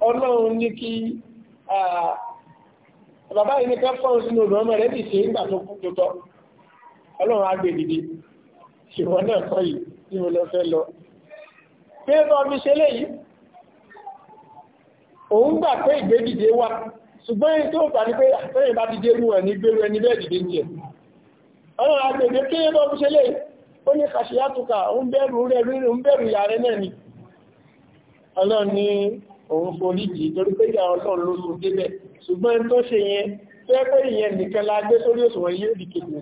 ọlọ́run ní kí bàbá yìí ní ká fọ́n sínú odò ọmọ rẹ̀ dìṣe nígbà tó kú tó tọ́ ọlọ́run á gbé dìde ṣùgbọ́n náà kọ́ yìí tí mo lọ fẹ́ lọ pé bọ́ mi ṣe léyìí òun gbà pé ìgbédìde wà ṣùgbọ́n èyí tó fà ní pé àtẹ́yìn bá dìde mú ẹ̀ ní gbérú ẹni bẹ́ẹ̀ dìde ní ọlọ́run á dìde pé bọ́ mi ṣe léyìí ó ní kàṣíyàtùkà ń bẹ̀rù rẹ̀ ń bẹ̀rù ìyá náà ni ọlọ́run ní òun foríjì torí pé ìyá ọlọ́run ló sún débẹ̀ ṣùgbọ́n tó ṣe yẹn tó ẹ́pẹ́ ìyẹn nìkan la gbé sórí òṣùwọ̀n yóò di kèfè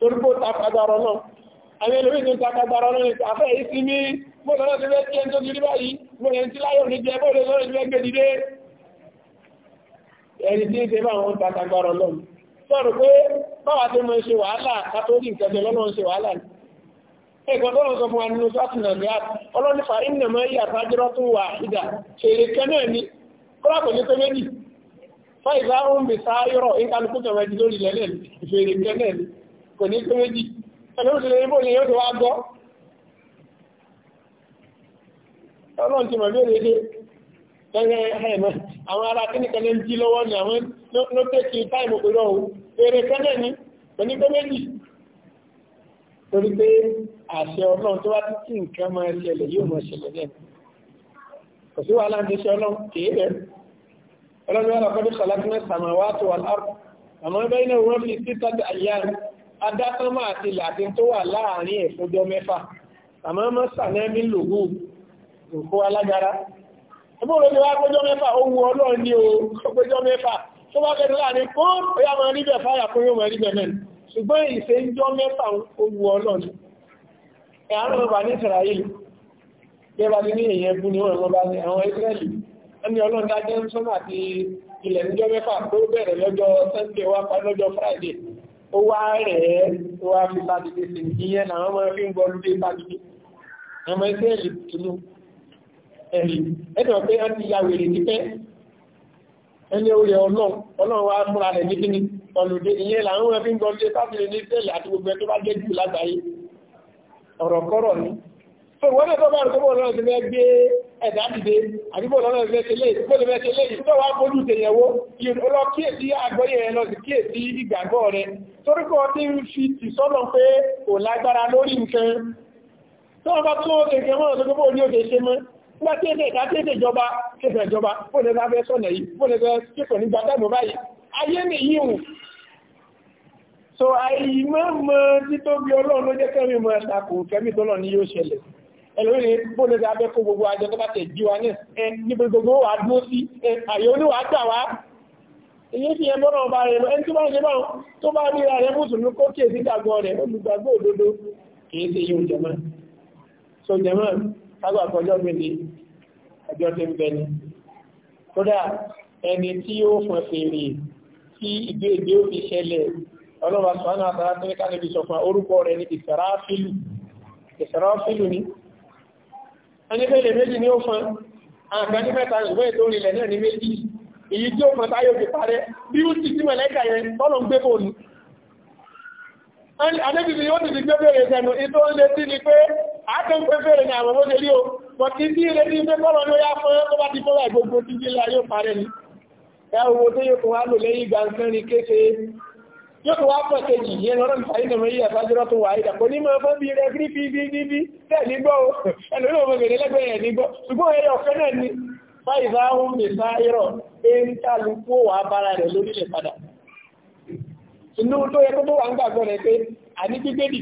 torí pé ó ta kadarọ náà àwọn ẹlòmíì tó ń ta kadarọ náà ní àfẹ́ yìí sí ní bóòlù náà ti fẹ́ tí ẹni tó ti rí báyìí bóòlù ìgbọ̀dọ́rọ̀ sọ fún ànínú sátìnà ní àti ọlọ́nífà ìnàmọ́ ìyà fàájírọ́ tó wà ìdà ṣèrè kẹ́nẹ̀ ní kọ́lápọ̀ ní tẹ́lẹ̀dì fàìzá oún bè sáyọ́rọ̀ ìkàlùkùtọ̀ rẹ̀ lórí lẹ́lẹ̀ ìfèrè kẹ́nẹ̀ ní kò ní tẹ́lẹ̀dì torí pé àṣẹ ọlọ́run tó wá títí nǹkan máa ṣẹlẹ̀ yóò máa ṣẹlẹ̀ lẹ́nu kò sí wàhálà ní ṣe ọlọ́run kìí rẹ̀ ọlọ́run wà lọ́kọ́ tó ṣàlákùnrin samawati wal ard àmọ́ ẹgbẹ́ iná wọ́n fi títà àyàn adásánmà àti làtí tó wà láàrin ẹ̀fọ́jọ́ mẹ́fà àmọ́ mọ́ sànẹ́mí lògù nǹkó alágara ẹgbẹ́ òun ni wá gbẹ́jọ́ mẹ́fà ó ní o ṣùgbọ́n ìfẹ́ ń jọ mẹ́fà owó ọlọ́run ẹ̀hánà ọba ní Israeli gẹ́gbà ní ní èyàn bú ní ọ̀rọ̀ bá ní àwọn Israeli ẹni ọlọ́run dájẹ́ ń sọ́nà àti ilẹ̀ níjọ́ mẹ́fà tó bẹ̀rẹ̀ lọ́jọ́ Sunday wá pa lọ́jọ́ Friday ó wá rẹ̀ ẹ́ tó wá fi sátidé sí ìyẹn náà wọ́n fi ń gbọ́lú dé sátidé àwọn Israeli tìlú ẹ̀rí ẹ̀dọ̀ pé wọ́n ti ya wèrè nípẹ́ ẹni orí ọlọ́run ọlọ́run wá múra rẹ̀ ní kíní ọlùdé ìyẹn làwọn ẹbí ń gbọ́ lé ní sẹ́ẹ̀lì àti gbogbo ẹni bá jẹ́ jù lágbàáyé ọ̀rọ̀ ni so wọ́n lè tọ́ba àrùn tó bọ̀ lọ́rọ̀ ti fẹ́ gbé ẹ̀dá dìde àdúgbò lọ́rọ̀ ti fẹ́ tẹ̀lé ìdúgbò lè fẹ́ tẹ̀lé ìdúgbò wá bójú tẹ̀yẹ̀wò lọ kíyèsí àgbọ́yé rẹ lọ sí kíyèsí ìgbàgbọ́ rẹ torí kọ́ tí ń fi tì sọ́nà pé kò lágbára lórí nǹkan bá tún ó gbá tẹ́ẹ̀dẹ̀ ìdájẹ́dẹ̀ ìjọba kẹfẹ̀ ìjọba fóònẹ̀ lábẹ́ sọ̀nà yìí fóònẹ̀ fẹ́ kíkọ̀ ní gbàtàgbò báyìí ayé ní yíhùn so àìmọ́mọ́ tí tó bí ọlọ́run ló jẹ́ kẹ́mí mọ́ ẹ̀sàkù kẹ́mí tọ́lọ̀ ní yóò ṣẹlẹ̀ ẹlòmíì fóònẹ̀ lábẹ́ kó gbogbo àjọ tó bá tẹ̀ jí wa ní gbogbo wa dúró sí àyè oníwà gbà wá èyí fi ẹmọ́ náà bá rẹ̀ lọ ẹni tó bá ṣe báwọn tó bá rí ara rẹ̀ mùsùlùmí kó kí èsì gbàgbọ́ rẹ̀ olùgbàgbọ́ òdodo kìí ṣe yóò jẹ̀mọ́ so jẹ̀mọ́ kágbà kọjọ́ gbèdé ọjọ́ tí ń bẹni kódà ẹni tí ó fọn fèrè tí ìgbéègbé ó fi ṣẹlẹ̀ ọlọ́wà sọ́nà àtàrà tí ká níbi sọ fún orúkọ rẹ̀ ní ìsàráfílù ìsàráfílù ni ẹni fẹ́lẹ̀ méjì ní ó fọn àgbàní mẹ́ta ìwé ètò ìrìnlẹ̀ náà ní méjì èyí tí ó fọn táyọ̀ fi parẹ́ bí ó ti sí mẹ́lẹ́kà yẹn bọ́lọ̀ ń gbé fóònù aka ni àwọn òṣèrí o bọ̀ tí ndị ilé ní pé bọ́lọ̀ ya yá fún ẹ́kọ́ bá ti gbogbo tí jí la yóò parẹ́ ni ẹwọ tó yóò fún wa lò lẹ́yìn gbàǹkanrin kéṣe yóò fún wa pọ̀ kejì yẹn lọ́rọ̀ nípa ìnà ihe ya tó wà ìdàpọ̀ ní mọ́ fún bí rẹ̀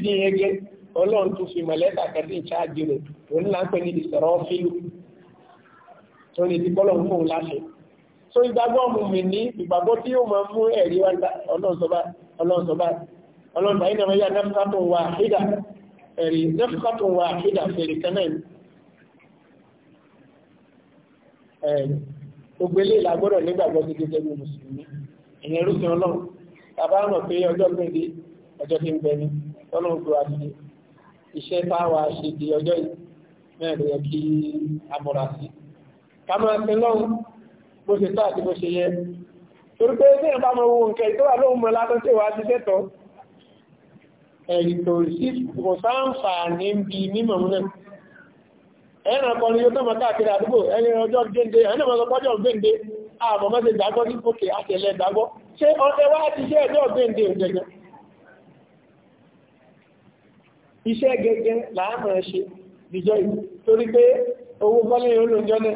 bí o ni ọlọ́run tó fi mọ̀lẹ́kà kẹ́tì ìṣáájú rẹ̀ òun là ń pè ní ìsọ̀rọ̀ fílù tó lè ti bọ́lọ̀ fún òun láṣẹ. so ìgbàgbọ́ ọmọ mi ní ìgbàgbọ́ tí yóò máa mú ẹ̀rí wá ọlọ́run sọ́ba ọlọ́run sọ́ba ọlọ́run sọ́ba ìnáwó yá nẹ́fúkàtò wà àfídà ẹ̀rí nẹ́fúkàtò wà àfídà fèrè kẹ́nẹ́ ògbélé làgbọ́dọ̀ nígbàgbọ́ ti gẹ́gẹ́ bí mùsùlùmí ìyẹn rúfin ọlọ́run tàbá mọ̀ pé ọjọ́ gbẹ̀dẹ̀ ọjọ́ tí ń bẹ ní ọlọ́run tó wá sí i iṣẹ́ táwa ṣe di ọjọ́ yìí náà ló yẹ kí a múra sí ká máa sin lọ́hùn bó ṣe tó àti bó ṣe yẹ torí pé bí ìbá mọ owó nǹkan ìtọ́wà lóhùn mọ́ látọ́ tí wàá ti tẹ́tọ́ ẹ̀rì tó sí kò sáǹfààní bí mímọ̀ náà ẹ̀ràn kan ni yóò tọ́ mọ́ káàkiri àdúgbò ẹni ọjọ́ gbéǹde ẹni ọmọ ọjọ́ gbéǹde àmọ́ mọ́ ṣe dàgbọ́ sí òkè àtẹ̀lẹ̀ dàgbọ́ ṣé ọ̀sẹ̀ wá iṣẹ́ gẹ́gẹ́ láàmà ṣe níjọ́ yìí torí pé owó kọ́lé olò ń jọ́nà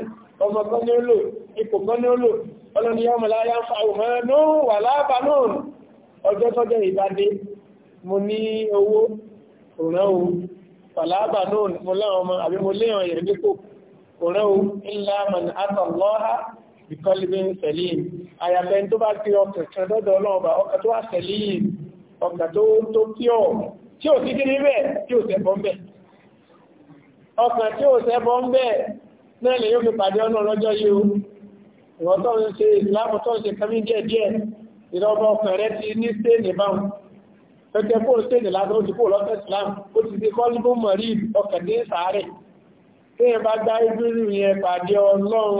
ọmọ kọ́lé olò ipò kọ́lé olò ọlọ́ni ọmọ láyá ń fa òmìnira ló wà láàbà náà ọjọ́ tọ́jọ́ ìbádé mo ní owó òrán o wà láàbà náà mo láwọn ọmọ àbí mo léèyàn yẹ̀rẹ̀ dípò òrán o ńlá mọ̀nà àtọ̀lọ́ha ìkọlùbí sẹ̀líìn àyàfẹ́ tó bá fi ọkàn kan dọ́dọ̀ ọlọ́ọ̀bà ọkàn tó wà sẹ̀líìn ọkàn tó tó pí ọ̀rọ̀ tí ò sí kí ní bẹ́ẹ̀ tí ò sẹ́bọ̀ ń bẹ̀ ọkàn tí ò sẹ́bọ̀ ń bẹ̀ náà lè yóò fi pàdé ọ̀nà lọ́jọ́ yìí o ìwọ́n tó ń ṣe ìsìláàmù tó ń ṣe kàmí díẹ̀ díẹ̀ ìrọ̀bọ̀ ọkàn rẹ ti ní stéènì báwọn pẹ̀tẹ̀ kó stéènì lásán ó ti kó lọ́sẹ̀ ìsìláàmù ó ti di kọ́lùbù mọ̀rí ọkàn ní sàárẹ̀ tí ẹ bá gbá ibùrù yẹn pàdé ọlọ́run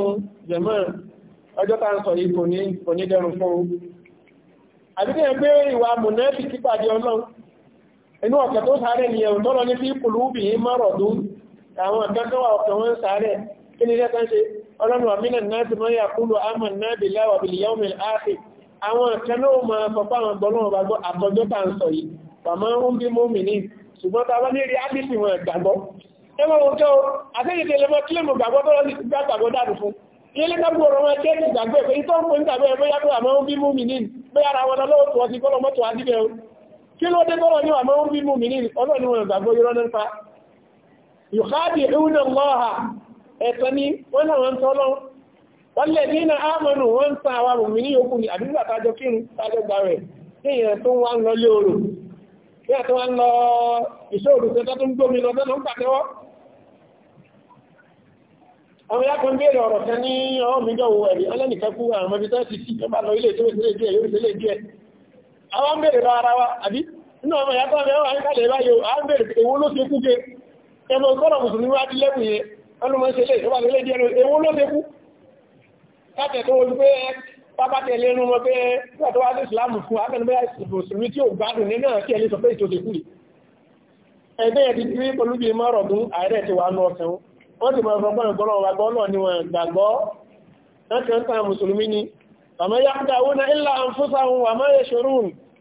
jẹ̀mọ́ ọjọ́ tá ń sọ yìí kò ní dẹrùn fún un àbí tí gbé ìwà mùnẹ́ẹ̀tì pípàdé ọlọ́run inú ọ̀kẹ́ tó sáré ni ẹ̀rùn tọ́lọ ní sí kùlúùbì márọ̀dún àwọn ọ̀kẹ́kọ́wà ọ̀kẹ́ wọn sáré kí ni lẹ́kàn ṣe ọlọ́run àmìnà náà ti mọ́yà kúlù àmà náà bí láwà bí yàwó mi láàfin àwọn ọ̀kẹ́ náà ma fọ́pá àwọn gbọ́lọ́wọ́ bá gbọ́ àtọ́jọ́ tá ń sọ yìí pàmọ́ ń bí mọ́mì ní ṣùgbọ́n ta bá ní rí ábísì wọn gbàgbọ́ ẹ mọ̀ wọn kẹ́ o àtẹ́yẹ̀tẹ̀ lẹ́mọ́ kílẹ̀mù gbàgbọ́ tọ́lọ́ ní ti ilé lẹ́gbàgbọ́ ọ̀rọ̀ wọn kẹ́ẹ̀kì ìtọ́ ń pọ̀ nígbàgbọ́ yàtọ̀ àmọ́ ń bí mọ́mì ní bẹ́yàrá wọn lọ́wọ́ tó ọ kí ló dé tọ́rọ ní àmọ́ ń bí mú mi ní ọlọ́ni wọn ìgbàgbọ́ irọ́ nípa yùkádì ìhúnà lọ́ha ẹ̀tọ́ ní wọ́n náà wọ́n tọ́lọ́ wọ́n lè ní na ámọ́nù wọ́n ń san àwọn mùmí ní okùn ní àdúgbà tájọ kírun tájọ gbà rẹ̀ ní ìyẹn tó wá ń lọ lé orò ní àti wọ́n lọ iṣẹ́ òdùsọ tó tún gbómi lọ àwọn ń bèèrè ara wa àbí inú ọmọ ìyá tọ́lẹ̀ wà ní kàlẹ̀ báyìí a ń bèèrè èwo ló ṣe kú jẹ ẹnu ọgọ́rọ̀ mùsùlùmí wá ti lẹ́kùn yẹn ọdún mọ́ ṣe lè tó bá lè di ẹnu èwo ló ṣe kú káàtẹ̀ tó wọ́n pé pápá tẹ̀lé inú wọn pé wà tó wá sí ìsìlámù fún akẹ́nubẹ́ mùsùlùmí tí ò àmọ́ yá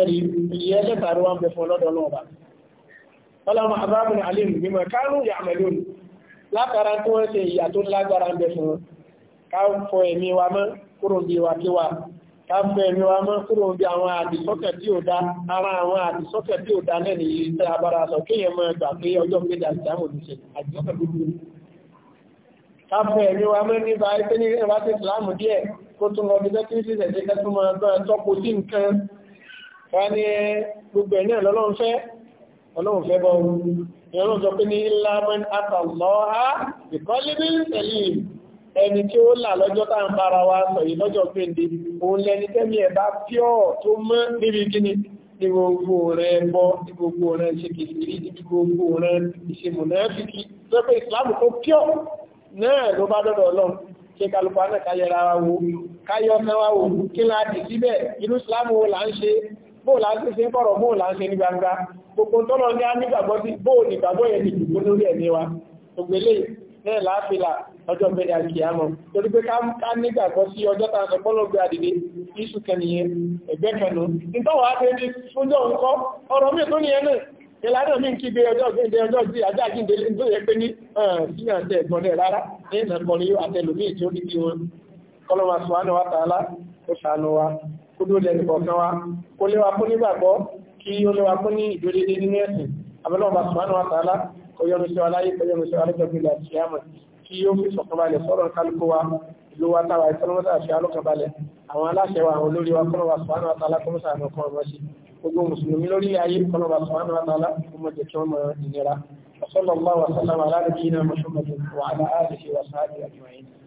ẹ̀rí iye bẹ fún ọba. ọlọ́ọ̀bá ọlọ́mọ àbábùn alim mímọ̀ káàrùn yàmẹ̀lónì látara tí wọ́n ṣe ìyà tó lágbára ń bẹ fún káfọ ẹ̀mí wa mọ́ kúrò bí wa kí wa káfọ ẹ̀mí wa mọ́ kúrò bí àwọn àdìsọ́kẹ̀ tí ó dá àwọn àdìsọ́kẹ̀ tí ó dá wa wọ́n ní gbogbo ẹ̀ náà lọ́lọ́run fẹ́ ọlọ́run fẹ́ bọ́ ọrùn ìrọ̀lọ́run sọ pé ní ilaman atalọ́ha ìkọ́lébí tẹ̀lé ẹni tí ó là lọ́jọ́ tá ń bára wa sọ yìí lọ́jọ́ péńdé òun lẹni tẹ́mi ẹ̀ bá píọ̀ tó mọ́ níbi kíni ní gbogbo rẹ̀ bọ́ ní gbogbo rẹ̀ ṣe kìsìrí ní gbogbo rẹ̀ ìṣe mùnáfíkì tó pé ìsìlámù tó píọ̀ náà ló bá dọ́dọ̀ ọlọ́run ṣe kálukú anáka yẹra wa wo káyọ̀ mẹ́wàá wo kí láti síbẹ̀ inú ìsìlámù wo là ń ṣe bóòlá ń ṣe ń kọ̀rọ̀ bóòlá ń ṣe ní gbangba gbogbo tọ́lọ ní a sí bóòlù ìgbàgbọ́ yẹn ti dùgbò lórí ẹ̀mí wa ògbélé náà láàfilà ọjọ́ gbẹ̀dẹ̀ àti àmọ́ torí pé ká nígbàgbọ́ sí ọjọ́ ta sọ bọ́lọ̀ gbé àdìdé iṣu kẹniyẹn ẹgbẹ́ kẹnu nítọ́wọ́ á ti fúnjọ́ ọ̀rọ̀ mi tó nìyẹn náà ìlànà mi ọjọ́ sí ajá tó yẹ pé ní ẹ̀gbọ́n rárá kó ló lẹ́nu kọ̀ọ̀kan wa kó léwa kó nígbàgbọ́ kí ó léwa kó ní ìdódédé nínú ẹ̀sìn abẹ́lọ́ọ̀bà subhanahu wa ta'ala kó yọnu sí wa láyé kó yọnu sí wa lọ́jọ́ gbé láti ṣíyàmọ̀ kí ó fi sọ̀kanbalẹ̀ sọ̀rọ̀ kálukú wa ìlú wa táwa ìfọ́nmọ́sá àti alọ́kanbalẹ̀ àwọn wa àwọn olórí wa kọ́nọ̀bà subhanahu wa ta'ala kọ́mọ́sá àmì ọkọ̀ ọmọ sí gbogbo mùsùlùmí lórí ayé kọ́nọ̀bà subhanahu wa ta'ala kọ́mọ́ jẹ́ kí wọ́n mọ ìnira وصلى الله